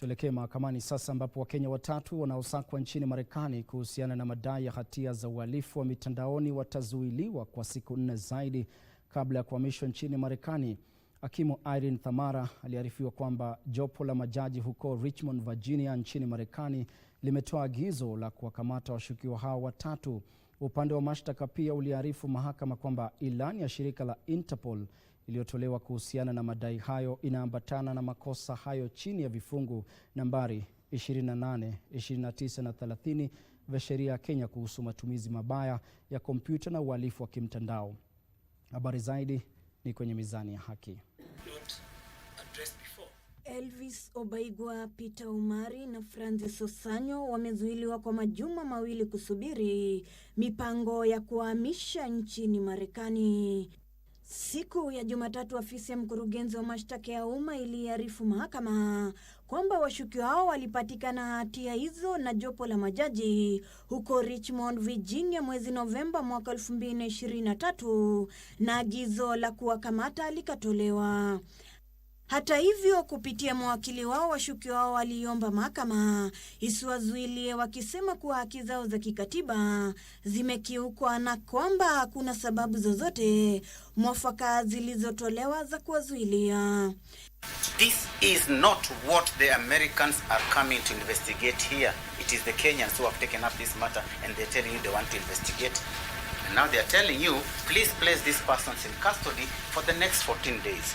Tuelekee mahakamani sasa ambapo Wakenya watatu wanaosakwa nchini Marekani kuhusiana na madai ya hatia za uhalifu wa mitandaoni watazuiliwa kwa siku nne zaidi kabla ya kuhamishwa nchini Marekani. Hakimu Irene Thamara aliarifiwa kwamba jopo la majaji huko Richmond, Virginia nchini Marekani limetoa agizo la kuwakamata washukiwa hao watatu. Upande wa mashtaka pia uliarifu mahakama kwamba ilani ya shirika la Interpol iliyotolewa kuhusiana na madai hayo inaambatana na makosa hayo chini ya vifungu nambari 28, 29 na 30 vya sheria ya Kenya kuhusu matumizi mabaya ya kompyuta na uhalifu wa kimtandao. Habari zaidi ni kwenye Mizani ya Haki. Elvis Obaigwa, Peter Umari na Francis Osanyo wamezuiliwa kwa majuma mawili kusubiri mipango ya kuhamisha nchini Marekani. Siku ya Jumatatu, afisi ya mkurugenzi wa mashtaka ya umma iliarifu mahakama kwamba washukiwa hao walipatikana hatia hizo na jopo la majaji huko Richmond, Virginia mwezi Novemba mwaka 2023 na agizo la kuwakamata likatolewa. Hata hivyo, kupitia mawakili wao, washukiwa hao waliomba mahakama isiwazuilie wakisema kuwa haki zao za kikatiba zimekiukwa na kwamba hakuna sababu zozote mwafaka zilizotolewa za kuwazuilia. This is not what the Americans are coming to investigate here. It is the Kenyans who have taken up this matter and they're telling you they want to investigate. And now they are telling you, please place these persons in custody for the next 14 days.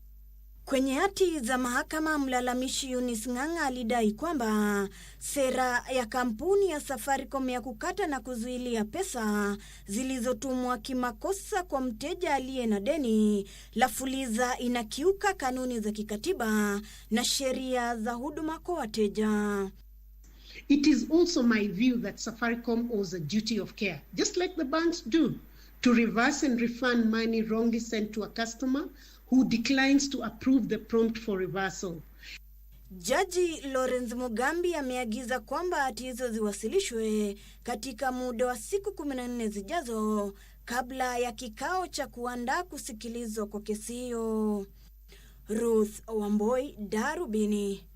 Kwenye hati za mahakama, mlalamishi Eunice Ng'ang'a alidai kwamba sera ya kampuni ya Safaricom ya kukata na kuzuilia pesa zilizotumwa kimakosa kwa mteja aliye na deni la fuliza inakiuka kanuni za kikatiba na sheria za huduma kwa wateja. It is also my view that Safaricom owes a duty of care, just like the banks do, to reverse and refund money wrongly sent to a customer who declines to approve the prompt for reversal. Jaji Lawrence Mugambi ameagiza kwamba hati hizo ziwasilishwe katika muda wa siku 14 zijazo kabla ya kikao cha kuandaa kusikilizwa kwa kesi hiyo. Ruth Wamboi, Darubini.